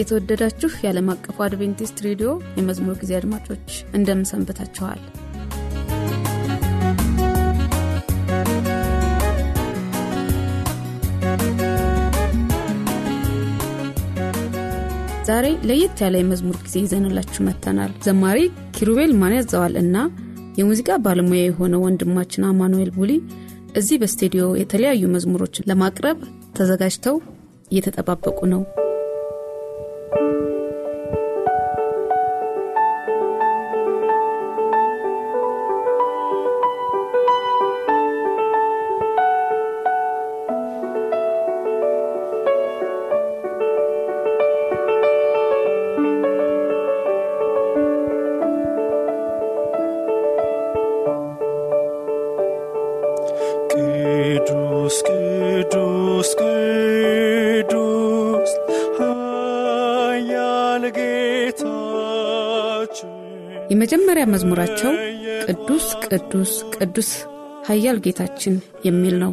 የተወደዳችሁ የዓለም አቀፉ አድቬንቲስት ሬዲዮ የመዝሙር ጊዜ አድማጮች እንደምንሰንበታችኋል ዛሬ ለየት ያለ የመዝሙር ጊዜ ይዘንላችሁ መጥተናል ዘማሪ ኪሩቤል ማን ያዘዋል እና የሙዚቃ ባለሙያ የሆነው ወንድማችን አማኑኤል ቡሊ እዚህ በስቱዲዮ የተለያዩ መዝሙሮችን ለማቅረብ ተዘጋጅተው እየተጠባበቁ ነው መዝሙራቸው ቅዱስ ቅዱስ ቅዱስ ኃያል ጌታችን የሚል ነው።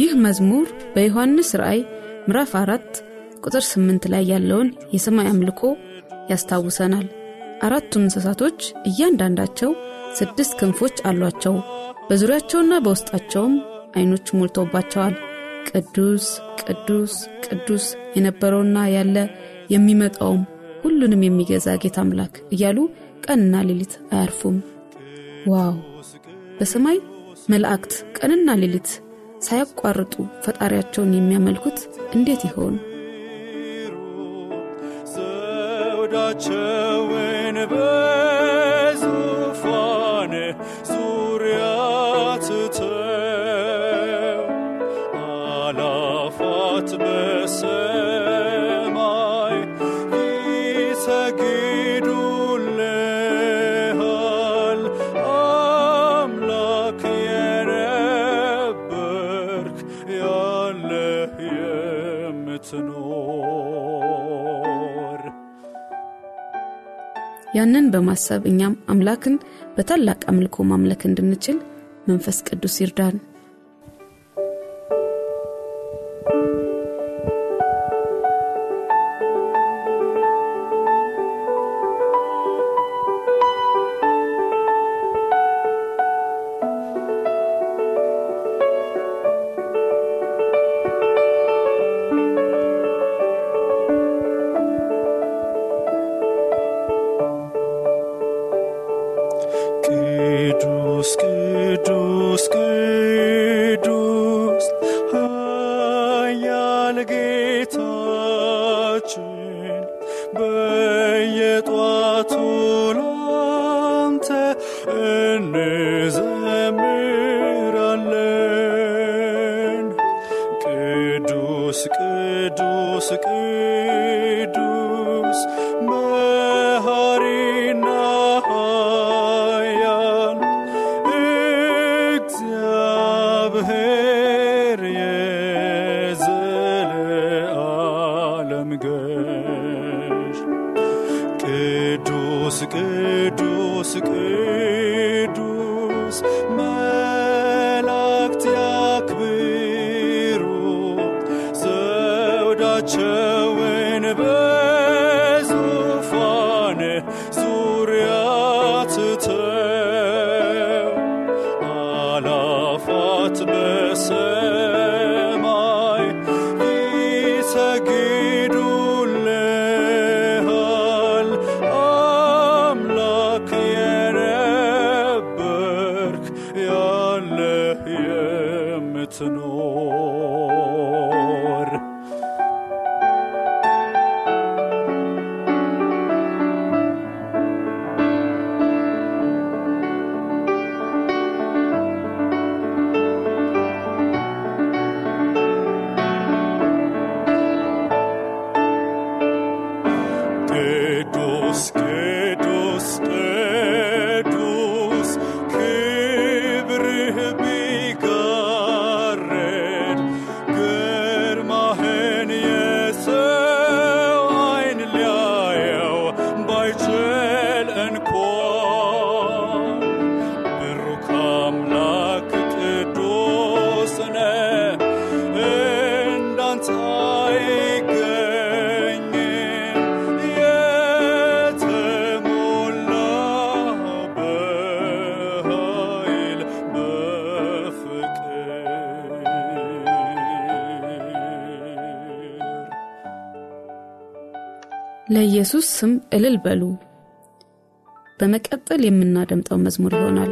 ይህ መዝሙር በዮሐንስ ራእይ ምዕራፍ አራት ቁጥር ስምንት ላይ ያለውን የሰማይ አምልኮ ያስታውሰናል። አራቱም እንስሳቶች እያንዳንዳቸው ስድስት ክንፎች አሏቸው። በዙሪያቸውና በውስጣቸውም አይኖች ሞልተውባቸዋል። ቅዱስ ቅዱስ ቅዱስ የነበረውና ያለ የሚመጣውም ሁሉንም የሚገዛ ጌታ አምላክ እያሉ ቀንና ሌሊት አያርፉም ዋው በሰማይ መላእክት ቀንና ሌሊት ሳያቋርጡ ፈጣሪያቸውን የሚያመልኩት እንዴት ይሆን ሰውዳቸው ይህን በማሰብ እኛም አምላክን በታላቅ አምልኮ ማምለክ እንድንችል መንፈስ ቅዱስ ይርዳን። ቅዱስ ቅዱስ ቅዱስ ስም እልል በሉ። በመቀጠል የምናደምጠው መዝሙር ይሆናል።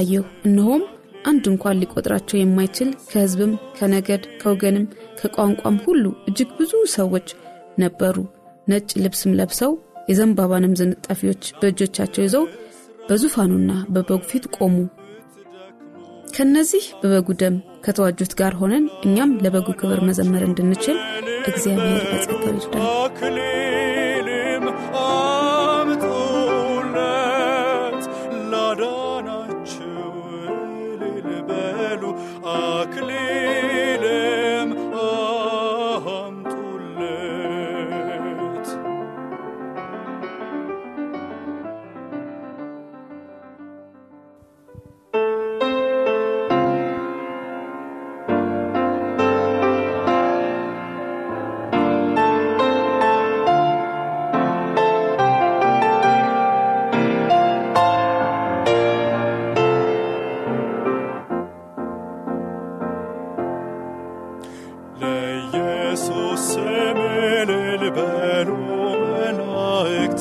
አየሁ እነሆም አንድ እንኳን ሊቆጥራቸው የማይችል ከሕዝብም ከነገድ ከወገንም ከቋንቋም ሁሉ እጅግ ብዙ ሰዎች ነበሩ። ነጭ ልብስም ለብሰው የዘንባባንም ዝንጣፊዎች በእጆቻቸው ይዘው በዙፋኑና በበጉ ፊት ቆሙ። ከነዚህ በበጉ ደም ከተዋጁት ጋር ሆነን እኛም ለበጉ ክብር መዘመር እንድንችል እግዚአብሔር በጸጋው ይርዳል።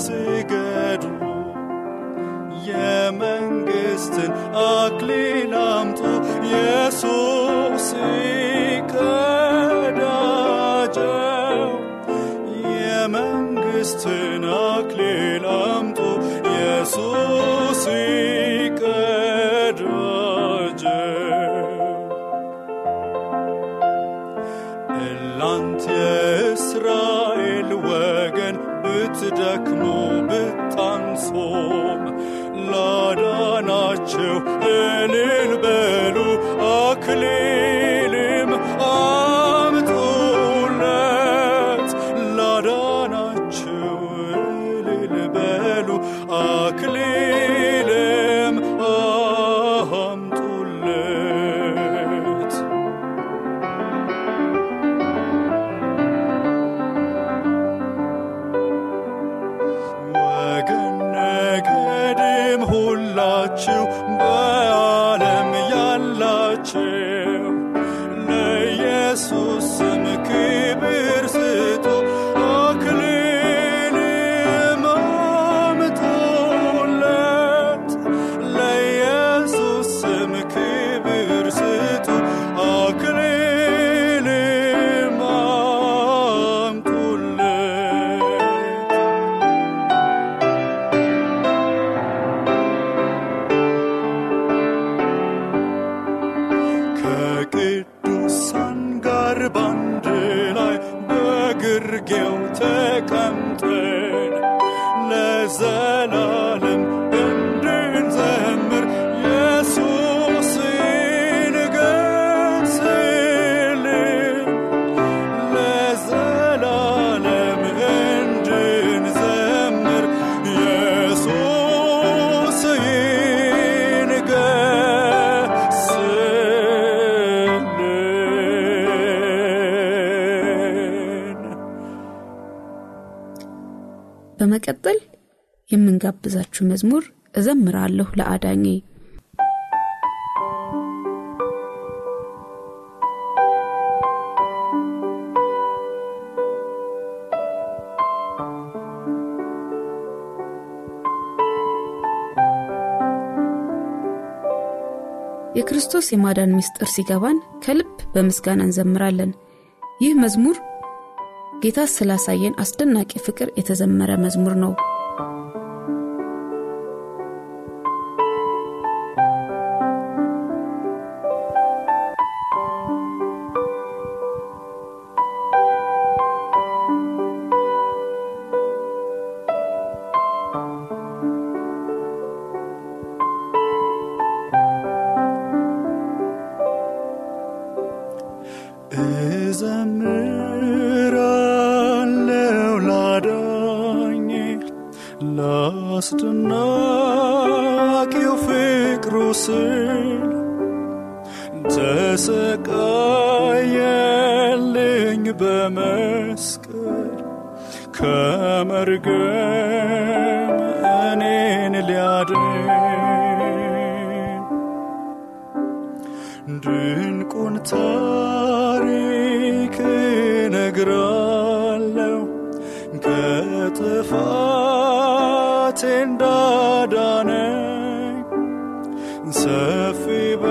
ትገዱ የመንግስትን የመንግሥትን አክሊል አምጡ ኢየሱስ የምንጋብዛችሁ መዝሙር እዘምራለሁ ለአዳኜ የክርስቶስ የማዳን ምስጢር ሲገባን ከልብ በምስጋና እንዘምራለን። ይህ መዝሙር ጌታ ስላሳየን አስደናቂ ፍቅር የተዘመረ መዝሙር ነው። ድንቁን ታሪክ ነግራለሁ ከጥፋቴ እንዳዳነ ሰፊ በ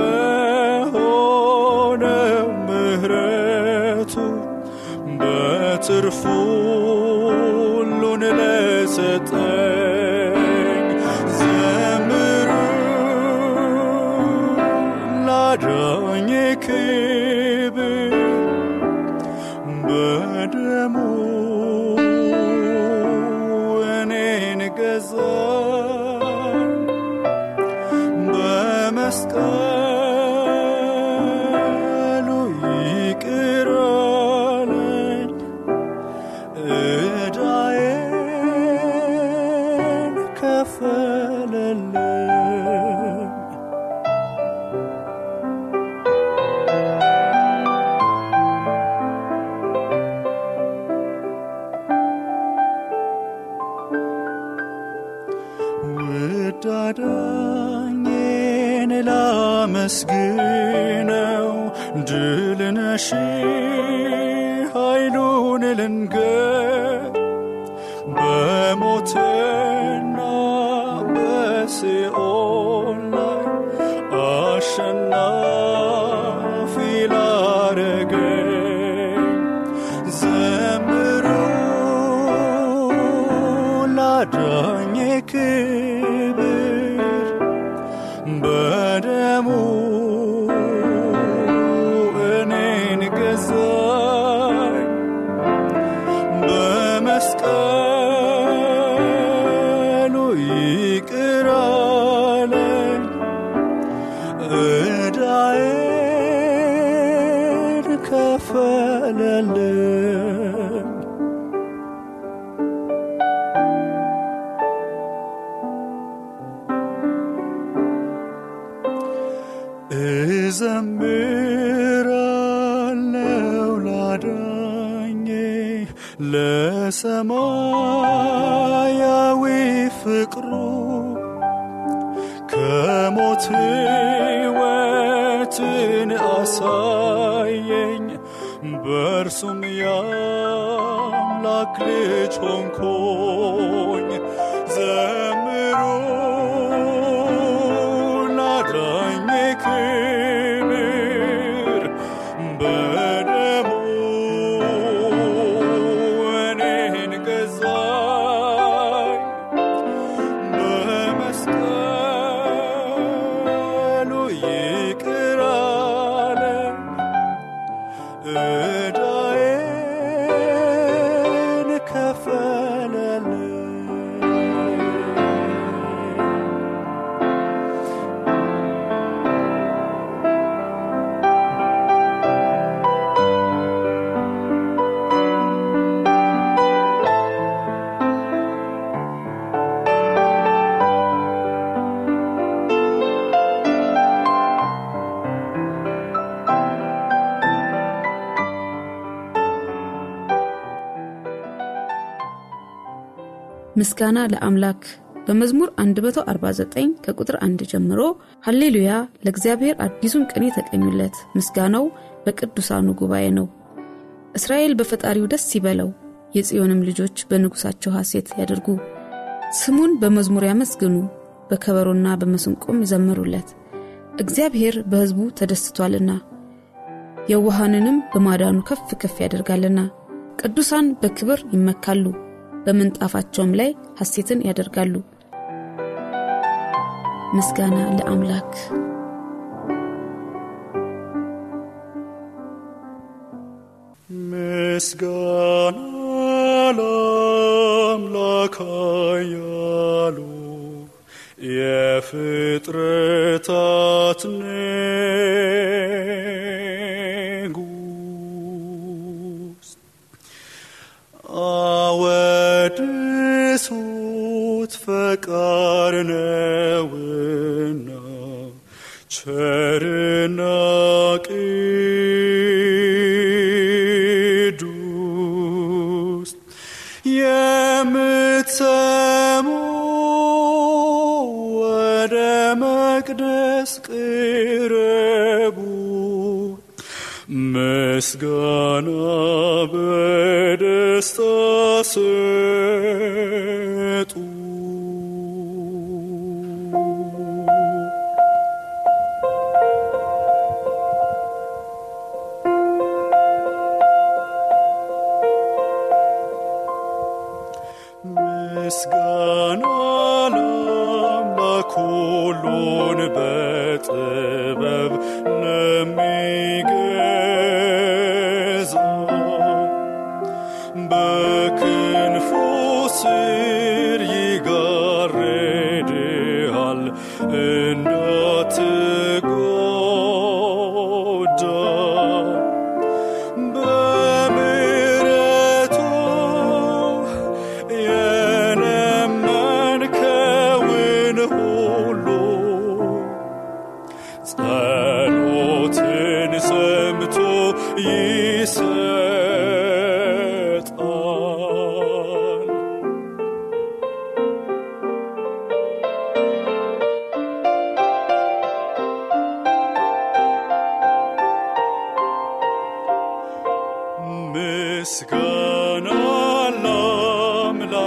ተከፈለልን። ድልነሽ ኃይሉን ልንገር you. ምስጋና ለአምላክ በመዝሙር 149 ከቁጥር 1 ጀምሮ ሐሌሉያ ለእግዚአብሔር አዲሱን ቅኔ ተቀኙለት፣ ምስጋናው በቅዱሳኑ ጉባኤ ነው። እስራኤል በፈጣሪው ደስ ይበለው፣ የጽዮንም ልጆች በንጉሳቸው ሐሴት ያደርጉ። ስሙን በመዝሙር ያመስግኑ፣ በከበሮና በመስንቆም ይዘምሩለት፣ እግዚአብሔር በሕዝቡ ተደስቷልና የውሃንንም በማዳኑ ከፍ ከፍ ያደርጋልና። ቅዱሳን በክብር ይመካሉ በምንጣፋቸውም ላይ ሐሴትን ያደርጋሉ። ምስጋና ለአምላክ። ምስጋና ለአምላክ የፍጥረ es ganabedestas etu. ሁሉን በጥበብ ለሚገ back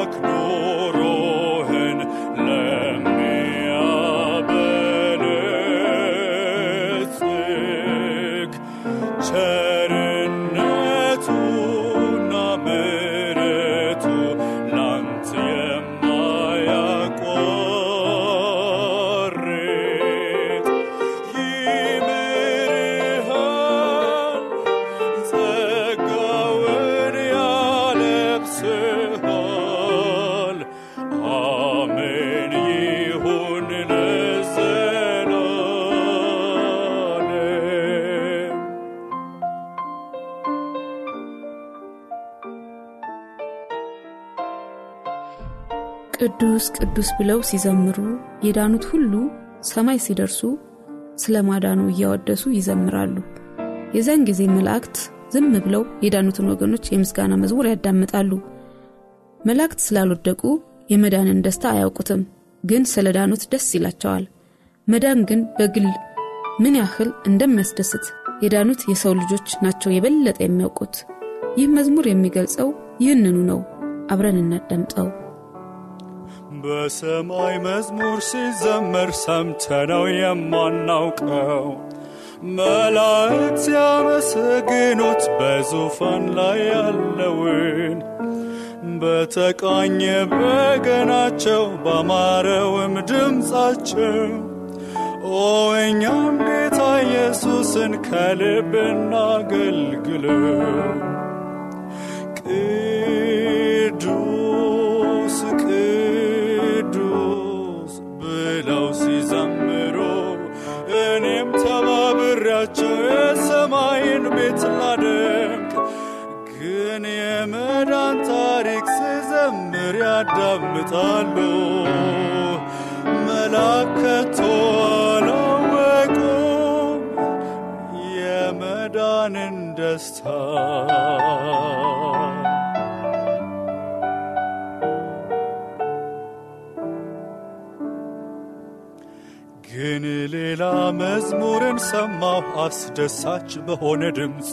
look. ቅዱስ ቅዱስ ብለው ሲዘምሩ የዳኑት ሁሉ ሰማይ ሲደርሱ ስለ ማዳኑ እያወደሱ ይዘምራሉ። የዚያን ጊዜ መላእክት ዝም ብለው የዳኑትን ወገኖች የምስጋና መዝሙር ያዳምጣሉ። መላእክት ስላልወደቁ የመዳንን ደስታ አያውቁትም፣ ግን ስለ ዳኑት ደስ ይላቸዋል። መዳን ግን በግል ምን ያህል እንደሚያስደስት የዳኑት የሰው ልጆች ናቸው የበለጠ የሚያውቁት። ይህ መዝሙር የሚገልጸው ይህንኑ ነው። አብረን እናዳምጠው። በሰማይ መዝሙር ሲዘመር ሰምተነው የማናውቀው መላእክት ሲያመሰግኑት በዙፋን ላይ ያለውን በተቃኘ በገናቸው ባማረውም ድምፃቸው ኦ ጌታ ኢየሱስን ከልብ እናገልግለው ያዳምጣሉ መላከቶ አላወቁም የመዳንን ደስታ ግን ሌላ መዝሙርን ሰማሁ አስደሳች በሆነ ድምፅ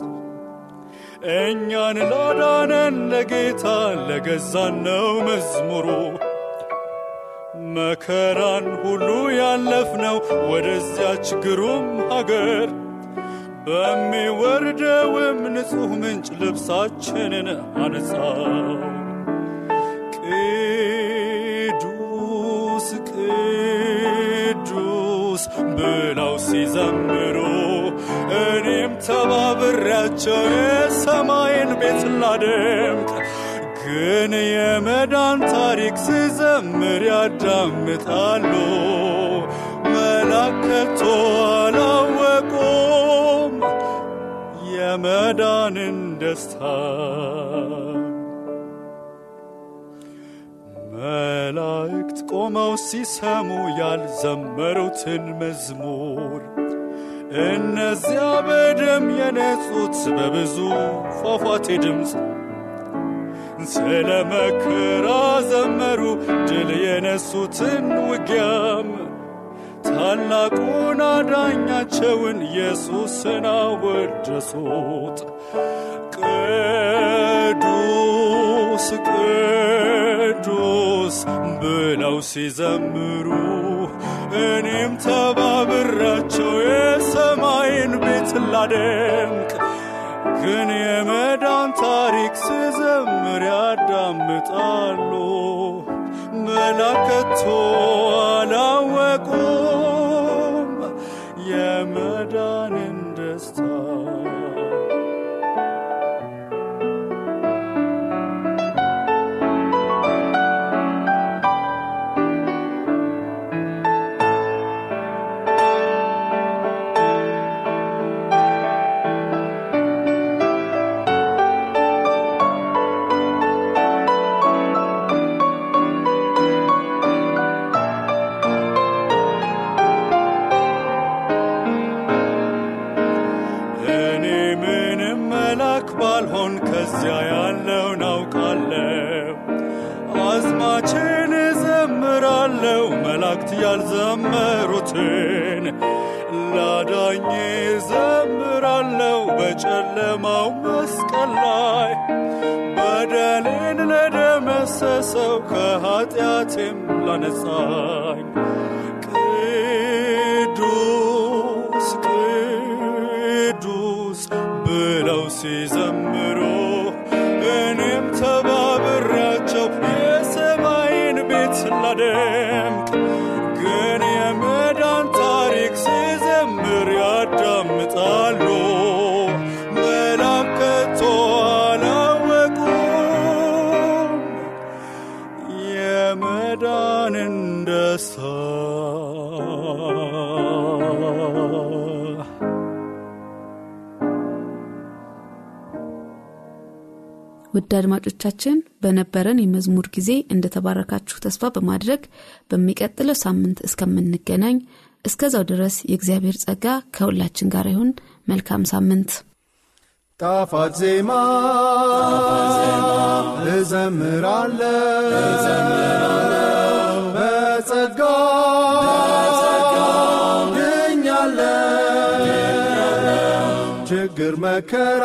እኛን ላዳነን ለጌታ ለገዛን ነው መዝሙሩ። መከራን ሁሉ ያለፍነው ወደዚያች ግሩም ሀገር በሚወርደውም ንጹሕ ምንጭ ልብሳችንን አነጻ ቅዱስ ቅዱስ ብለው ሲዘምሩ እኔ ተባብሬያቸው የሰማይን ቤት ላደምቅ ግን የመዳን ታሪክ ስዘምር ያዳምጣሉ መላከቶ አላወቁም የመዳንን ደስታ መላእክት ቆመው ሲሰሙ ያልዘመሩትን መዝሙር እነዚያ በደም የነጹት በብዙ ፏፏቴ ድምፅ ስለ መከራ ዘመሩ ድል የነሱትን ውጊያም ታላቁን አዳኛቸውን ኢየሱስን አወደሱት። ቅዱስ ቅዱስ ብለው ሲዘምሩ እኔም ተባብራቸው የሰማይን ቤት ላደንቅ ግን የመዳን ታሪክ ስዘምር ያዳምጣሉ መላከቶ አላወቁም ያልዘመሩትን ላዳኝ ዘምራለው በጨለማው መስቀል ላይ በደሌን ለደመሰሰው ከኃጢአቴም ላነጻኝ ውድ አድማጮቻችን በነበረን የመዝሙር ጊዜ እንደተባረካችሁ ተስፋ በማድረግ በሚቀጥለው ሳምንት እስከምንገናኝ እስከዛው ድረስ የእግዚአብሔር ጸጋ ከሁላችን ጋር ይሁን። መልካም ሳምንት። ጣፋት ዜማ እዘምራለ በጸጋ ድኛለሁ ችግር መከራ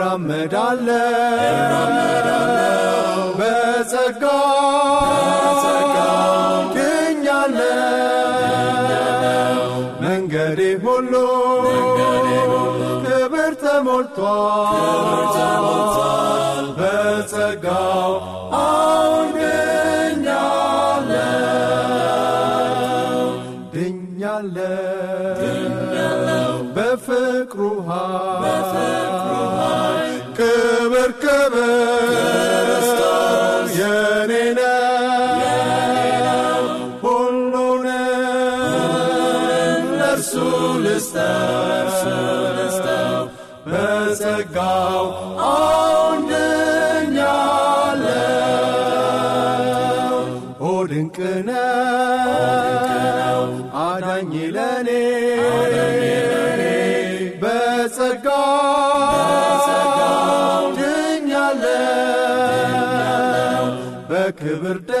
እራመዳለሁ በጸጋ ድኛለሁ መንገዴ ሁሉ ክብር ተሞልቷል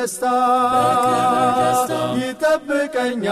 በደስታ ይጠብቀኛል